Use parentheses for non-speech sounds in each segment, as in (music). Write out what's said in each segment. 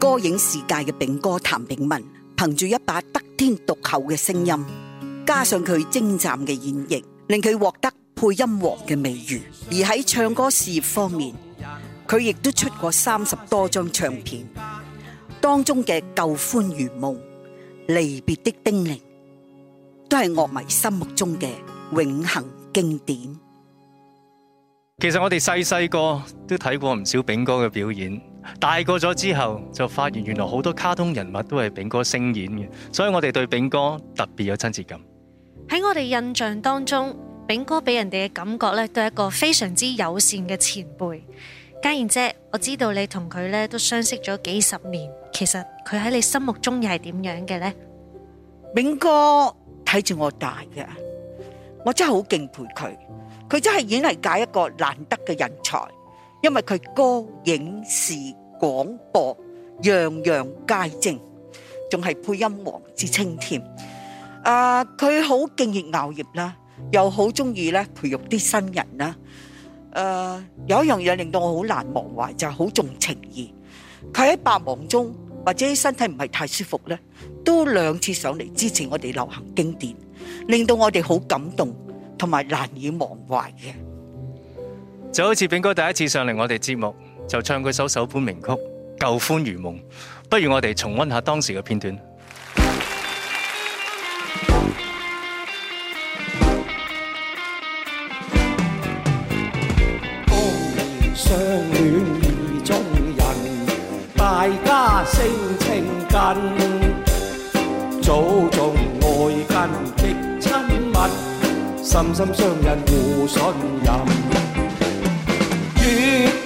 歌影世界嘅炳哥譚炳文，憑住一把得天獨厚嘅聲音，加上佢精湛嘅演繹，令佢獲得配音王嘅美譽。而喺唱歌事業方面，佢亦都出過三十多張唱片，當中嘅《舊歡如夢》、《離別的叮嚀》，都係樂迷心目中嘅永恆經典。其實我哋細細個都睇過唔少炳哥嘅表演。大過咗之後，就發現原來好多卡通人物都係炳哥聲演嘅，所以我哋對炳哥特別有親切感。喺我哋印象當中，炳哥俾人哋嘅感覺咧，都係一個非常之友善嘅前輩。嘉燕姐，我知道你同佢咧都相識咗幾十年，其實佢喺你心目中又係點樣嘅呢？炳哥睇住我大嘅，我真係好敬佩佢。佢真係演藝界一個難得嘅人才，因為佢歌影視。廣播樣樣皆精，仲係配音王之稱添。啊，佢好敬業熬業啦，又好中意咧培育啲新人啦。誒，有一樣嘢令到我好難忘懷，就係好重情義。佢喺百忙中或者啲身體唔係太舒服咧，都兩次上嚟支持我哋流行經典，令到我哋好感動同埋難以忘懷嘅。就好似炳哥第一次上嚟我哋節目。就唱佢首首本名曲《舊歡如夢》，不如我哋重温下當時嘅片段。當年相戀意中人，大家性情近，早種愛根極親密，心心相印互信任。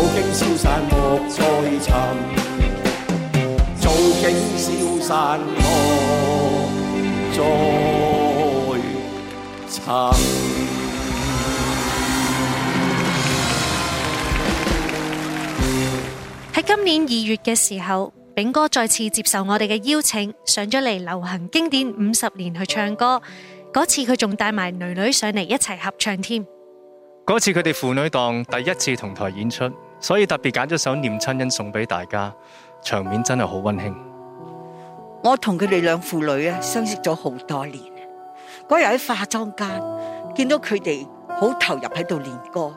早景消散莫再尋，早景消散莫再尋。喺今年二月嘅時候，炳哥再次接受我哋嘅邀請，上咗嚟流行經典五十年去唱歌。嗰次佢仲帶埋囡囡上嚟一齊合唱添。嗰次佢哋父女檔第一次同台演出。所以特別揀咗首《念親恩》送俾大家，場面真係好溫馨。我同佢哋兩父女啊，相識咗好多年。嗰日喺化妝間見到佢哋好投入喺度練歌，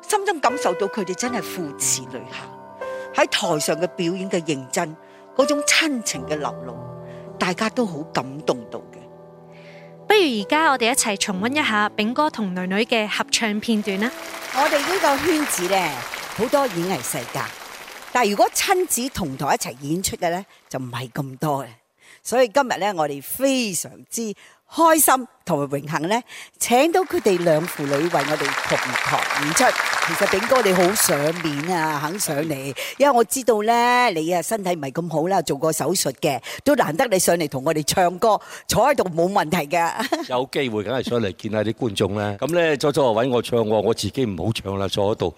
心中感受到佢哋真係父慈女孝。喺台上嘅表演嘅認真，嗰種親情嘅流露，大家都好感動到嘅。不如而家我哋一齊重溫一下炳哥同女女嘅合唱片段啦。我哋呢個圈子咧～好多演藝世界，但係如果親子同台一齊演出嘅咧，就唔係咁多嘅。所以今日咧，我哋非常之開心同埋榮幸咧，請到佢哋兩父女為我哋同台演出。其實炳哥你好賞面啊，肯上嚟，因為我知道咧，你啊身體唔係咁好啦，做過手術嘅，都難得你上嚟同我哋唱歌，坐喺度冇問題㗎。有機會梗係上嚟見下啲觀眾啦。咁咧，初初揾我唱，我自己唔好唱啦，坐喺度。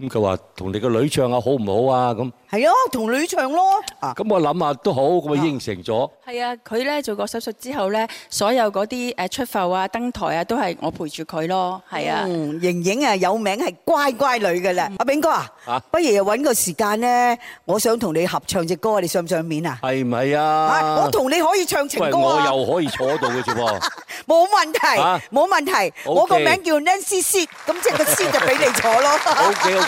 咁佢話同你個女唱下好唔好啊？咁係啊，同女唱咯。咁我諗下都好，咁咪應承咗。係啊，佢咧做過手術之後咧，所有嗰啲誒出埠啊、登台啊，都係我陪住佢咯。係啊，盈盈啊有名係乖乖女嘅啦。阿炳哥啊，不如揾個時間咧，我想同你合唱隻歌，你上唔上面啊？係唔係啊？我同你可以唱情歌啊！我又可以坐度嘅啫喎。冇問題，冇問題。我個名叫 Nancy C，咁即係個 C 就俾你坐咯。好嘅。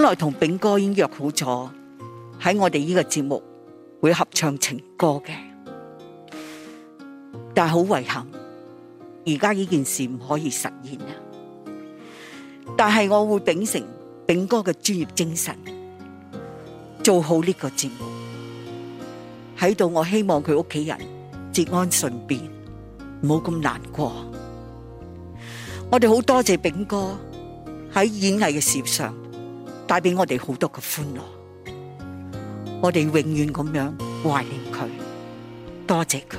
本來同炳哥已經約好咗喺我哋呢個節目會合唱情歌嘅，但係好遺憾，而家呢件事唔可以實現啊！但係我會秉承炳哥嘅專業精神，做好呢個節目。喺度我希望佢屋企人節哀順變，冇咁難過。我哋好多謝炳哥喺演藝嘅事業上，帶俾我哋好多嘅歡樂，我哋永遠咁樣懷念佢，多謝佢。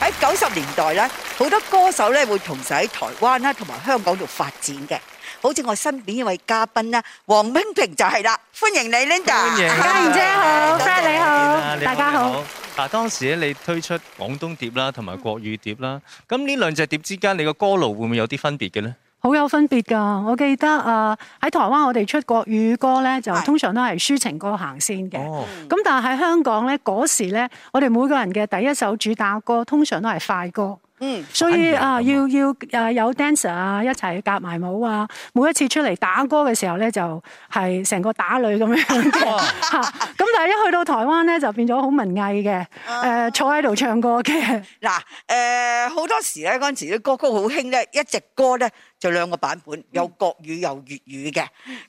喺九十年代咧，好多歌手咧會同時喺台灣啦同埋香港度發展嘅，好似我身邊呢位嘉賓啦，王馨平就係啦，歡迎你，Linda。家燕姐好，家姐你好，大家好。當時你推出廣東碟啦，同埋國語碟啦，咁呢兩隻碟之間，你個歌路會唔會有啲分別嘅呢？好有分別㗎，我記得啊，喺、呃、台灣我哋出國語歌呢，就通常都係抒情歌行先嘅。咁、哦、但係喺香港呢，嗰時呢，我哋每個人嘅第一首主打歌，通常都係快歌。嗯、所以啊、嗯呃，要要啊有 dancer 啊一齊夾埋舞啊，每一次出嚟打歌嘅時候咧，就係成個打女咁樣吓。咁但係一去到台灣咧，就變咗好文藝嘅，誒坐喺度唱歌嘅。嗱、呃，誒、呃、好、呃呃、多時咧嗰陣時啲歌曲好興咧，一隻歌咧，就兩個版本，有國語又粵語嘅，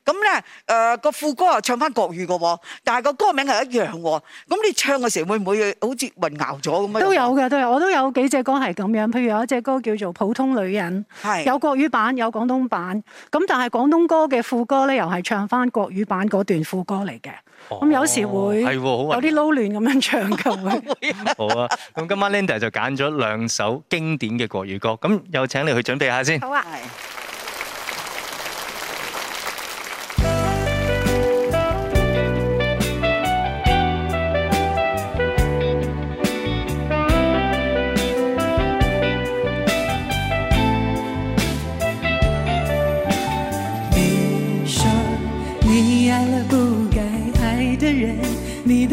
咁咧誒個副歌又唱翻國語嘅喎，但係個歌名係一樣喎。咁你唱嘅時候會唔會好似混淆咗咁啊？都有嘅，都有。我都有幾隻歌係咁樣，譬如有一隻歌叫做《普通女人》，係有國語版有廣東版，咁但係廣東歌嘅副歌咧，又係唱翻國語版嗰段副歌嚟嘅。咁、哦、有時會好喎，有啲撈亂咁樣唱嘅會。 (laughs) 好啊，咁今晚 Linda 就揀咗兩首經典嘅國語歌，咁有請你去準備下先。好啊。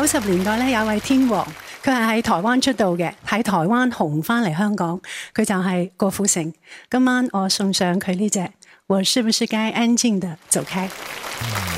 九十年代咧，有位天王，佢係喺台灣出道嘅，喺台灣紅翻嚟香港，佢就係郭富城。今晚我送上佢呢隻《我是不是該安靜的走開》。嗯。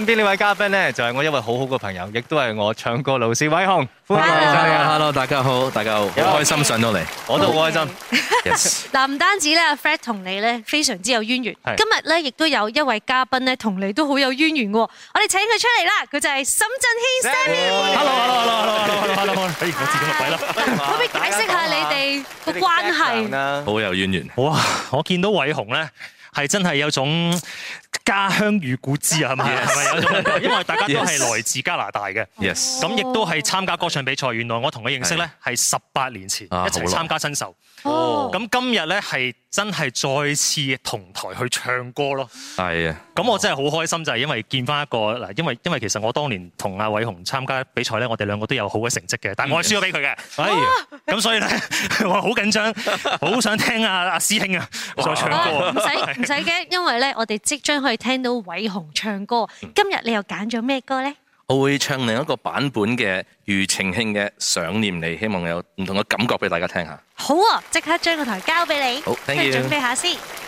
身邊呢位嘉賓咧，就係我一位好好嘅朋友，亦都係我唱歌老師韋雄。歡迎你，大家好，大家好，好開心上到嚟，我都好開心。嗱，唔單止咧，Fred 同你咧非常之有淵源，今日咧亦都有一位嘉賓咧同你都好有淵源嘅，我哋請佢出嚟啦，佢就係沈震軒。Hello，hello，hello，hello，hello，hello。可唔可以解釋下你哋個關係？好有淵源。哇，我見到韋雄咧，係真係有種。家鄉與故知啊，係咪係咪有一種？因為大家都係來自加拿大嘅，咁、yes. 亦、oh. 都係參加歌唱比賽。原來我同佢認識咧係十八年前一齊參加新秀、啊。哦，咁今日咧係真係再次同台去唱歌咯。係啊，咁我真係好開心就係因為見翻一個嗱，因為因為其實我當年同阿韋雄參加比賽咧，我哋兩個都有好嘅成績嘅，但係我輸咗俾佢嘅。哇、oh. 哎！咁所以咧，我好緊張，好想聽阿阿師兄啊再唱歌。唔使唔使驚，因為咧我哋即將去。聽到韋雄唱歌，今日你又揀咗咩歌呢？我會唱另一個版本嘅庾澄慶嘅《想念你》，希望有唔同嘅感覺俾大家聽下。好啊，即刻將個台交俾你，聽佢準備一下先。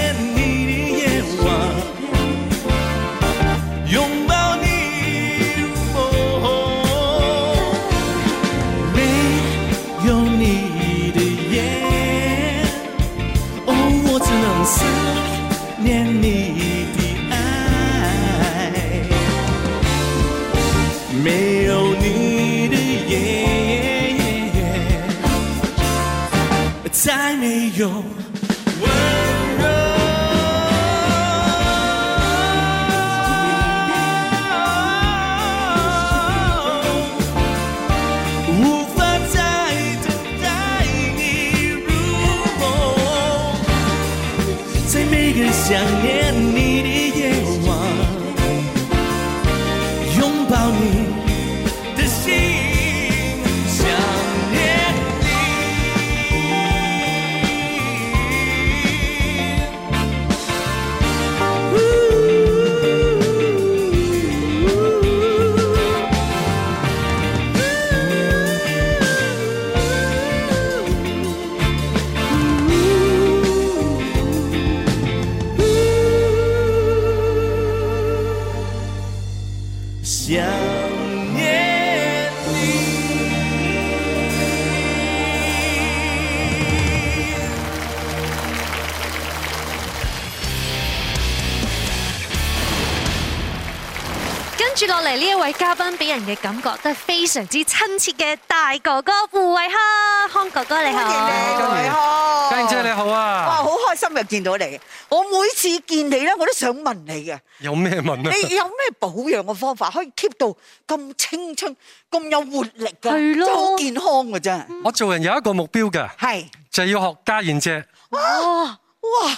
接落嚟呢一位嘉賓，俾人嘅感覺都係非常之親切嘅大哥哥胡渭康，康哥哥你好。你好，胡渭康，嘉燕姐，姐你好啊！哇，好開心又見到你。我每次見你咧，我都想問你嘅。有咩問啊？你有咩保養嘅方法可以 keep 到咁青春、咁有活力㗎？係咯，好健康㗎啫。我做人有一個目標㗎，係就係、是、要學嘉燕姐。哇、啊、哇！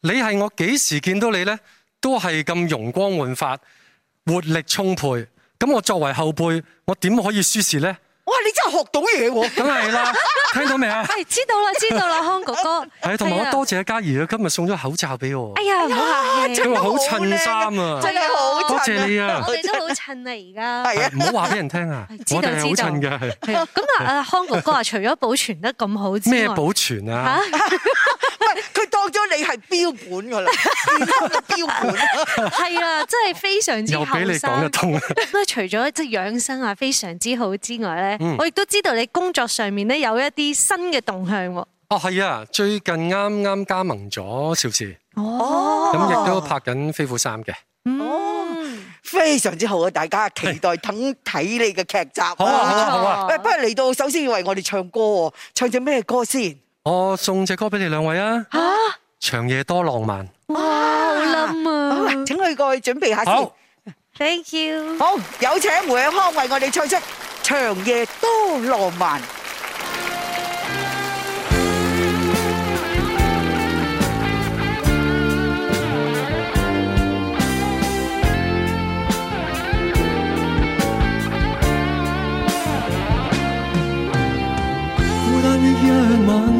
你係我幾時見到你咧？都係咁容光煥發。活力充沛，咁我作為後輩，我點可以輸蝕咧？哇！你真係學到嘢喎、啊，梗係啦，聽到未啊？係 (laughs) 知道啦，知道啦，康哥哥。係同埋我多謝嘉怡啦，今日送咗口罩俾我。哎呀，真係好襯衫啊！真係好， (laughs) 多謝你啊！我哋都好襯你而家。係啊，唔好話俾人聽啊！知道、啊、 (laughs) 知道。我係襯嘅。咁 (laughs) 啊，康哥哥啊，除咗保存得咁好之外，咩 (laughs) 保存啊？啊 (laughs) 佢當咗你係標本㗎啦，變標本。係 (laughs) (laughs) 啊，真係非常之好，又俾你講得通。除咗即係養生啊，非常之好之外咧，嗯、我亦都知道你工作上面咧有一啲新嘅動向喎、啊。哦，係啊，最近啱啱加盟咗《邵氏》，哦，咁亦都拍緊《飛虎三》嘅。哦、嗯，非常之好啊！大家期待的等睇你嘅劇集、啊。好啊，好啊，好啊！誒，不如嚟到首先為我哋唱歌，唱隻咩歌先？我送隻歌俾你兩位啊！吓，長夜多浪漫。哇，好冧啊！請佢過去準備下先。好，Thank you。好，有請渭康為我哋唱出《長夜多浪漫》。孤單的一晚。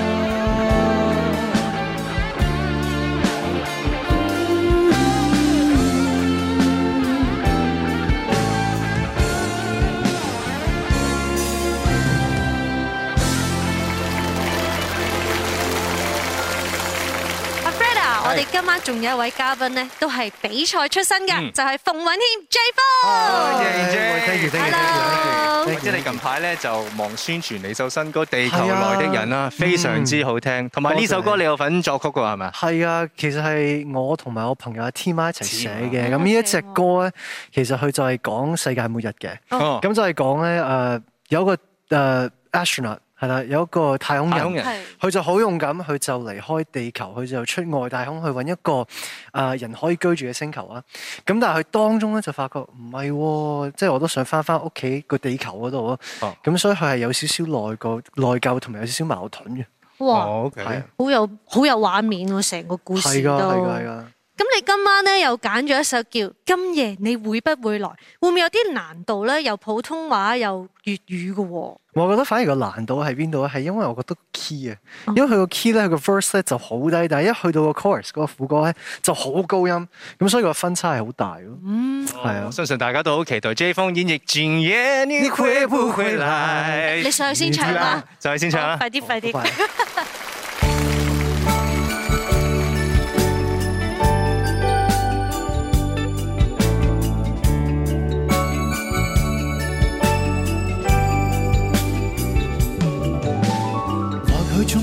我哋今晚仲有一位嘉賓咧，都係比賽出身嘅、嗯，就係、是、馮允謙 J Boy。Hello 聽住聽即係你近排咧就忙宣傳你首新歌《地球內的人》啦、啊啊，非常之好聽。同埋呢首歌謝謝你有份作曲嘅係咪？係啊，其實係我同埋我朋友阿 T 媽一齊寫嘅。咁呢、啊啊、一隻歌咧、啊，其實佢就係講世界末日嘅。咁、哦、就係講咧誒，uh, 有個誒、uh, a 係喇，有一個太空人，佢就好勇敢，佢就離開地球，佢就出外太空去揾一個啊、呃、人可以居住嘅星球啊。咁但係佢當中咧就發覺唔係，即係我都想返返屋企個地球嗰度囉。咁、哦、所以佢係有少少內疚，內疚同埋有少少矛盾嘅。哇，哦 okay. 好有好有畫面喎、啊，成個故事都。係㗎係㗎係㗎。咁你今晚咧又揀咗一首叫《今夜你會不會來》，會唔會有啲難度咧？又普通話又粵語嘅喎、哦。我覺得反而個難度喺邊度咧？係因為我覺得 key 啊、哦，因為佢個 key 咧，佢個 verse 咧就好低，但係一去到個 chorus 嗰個副歌咧就好高音，咁所以個分差係好大咯。嗯，係啊，我、哦、相信大家都好期待 J 方演繹《今夜你會不會來》。你上去唱吧、嗯、先唱啦，就去先唱啦，快啲快啲。哦拜拜 (laughs)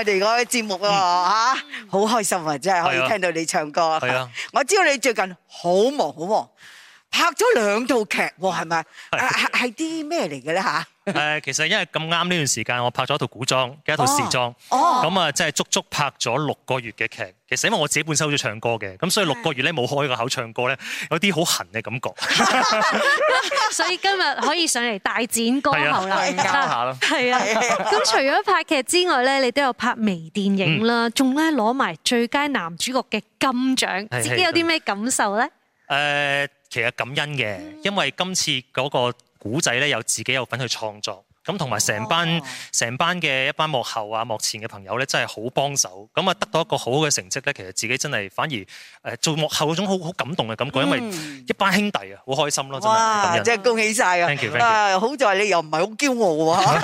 我哋個節目啊嚇，好、嗯啊、開心啊！真係可以聽到你唱歌。係啊，啊，我知道你最近好忙好忙，拍咗兩套劇喎，係、啊、咪？係啲咩嚟嘅咧嚇？誒、呃，其實因為咁啱呢段時間，我拍咗一套古裝嘅、哦、一套時裝，咁、哦、啊，即係足足拍咗六個月嘅劇。其實因為我自己本身好中意唱歌嘅，咁所以六個月咧冇開個口唱歌咧，有啲好痕嘅感覺。 (laughs) (laughs) 所以今日可以上嚟大展歌喉啦，得下咯。係啊，咁、嗯啊啊啊啊、除咗拍劇之外咧，你都有拍微電影啦，仲咧攞埋最佳男主角嘅金獎，自己有啲咩感受咧？誒、呃，其實感恩嘅、嗯，因為今次嗰、那個。古仔咧有自己有份去創作，咁同埋成班成班嘅一班、哦、幕後啊幕前嘅朋友咧真係好幫手，咁啊得到一個好好嘅成績咧，其實自己真係反而誒做幕後嗰種好好感動嘅感覺、嗯，因為一班兄弟啊好開心咯，真係咁樣。哇！真係恭喜曬啊！Thank you, thank you！好在你又唔係好驕傲啊！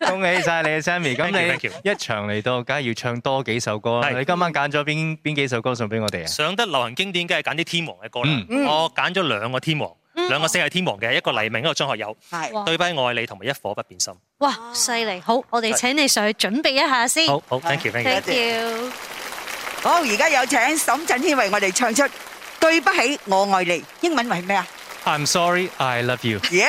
(laughs) (laughs) 恭喜晒你，Sammy！咁你一場嚟到，梗係要唱多幾首歌。你今晚揀咗邊邊幾首歌送俾我哋啊？上得流行經典，梗係揀啲天王嘅歌啦、嗯。我揀咗兩個天王。兩個四大天王嘅一個黎明，一個張學友，係對不起，愛你同埋一顆不變心，哇，犀利！好，我哋請你上去準備一下先。好好，thank you，thank you。好，而家有請沈震軒為我哋唱出《對不起，我愛你》，英文係咩啊？I'm sorry, I love you。耶！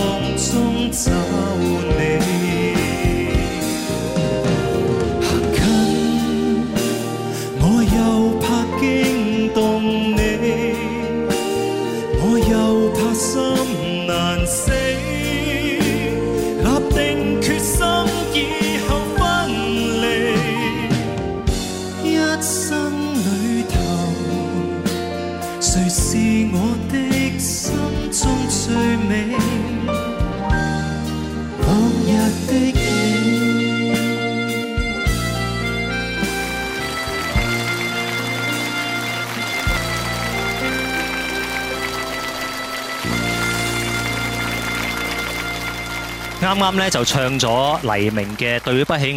啱啱咧就唱咗黎明嘅《對不起愛你》，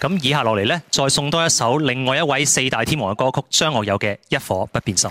咁以下落嚟呢，再送多一首另外一位四大天王嘅歌曲，張學友嘅《一顆不變心》。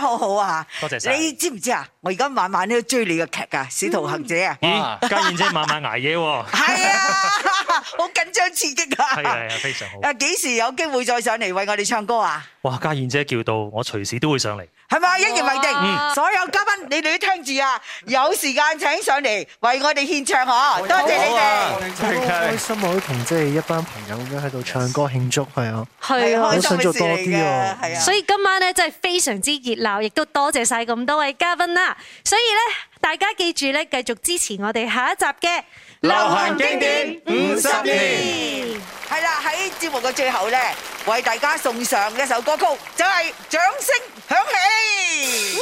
好好啊嚇！多謝！你知唔知啊？我而家晚晚都追你嘅劇啊，《使徒行者》嗯嗯、 (laughs) 啊！咦，家燕姐晚晚捱夜喎，係啊，好、 (laughs) 啊、緊張刺激啊！係係係，非常好。誒、啊，幾時有機會再上嚟為我哋唱歌啊？哇！家燕姐叫到，我隨時都會上嚟。係咪？一言為定、嗯。所有嘉賓，你哋都聽住啊！有時間請上嚟為我哋獻唱嚇、嗯，多謝你哋。好、啊、真開心，可以同即係一班朋友咁樣喺度唱歌慶祝，係啊，係、啊啊、開心事嚟啊。所以今晚咧真係非常之熱鬧，亦都多謝晒咁多位嘉賓啦。所以咧。大家記住咧，繼續支持我哋下一集嘅流行經典五十年。係啦，喺節目嘅最後咧，為大家送上一首歌曲，就係、是《掌聲響起》。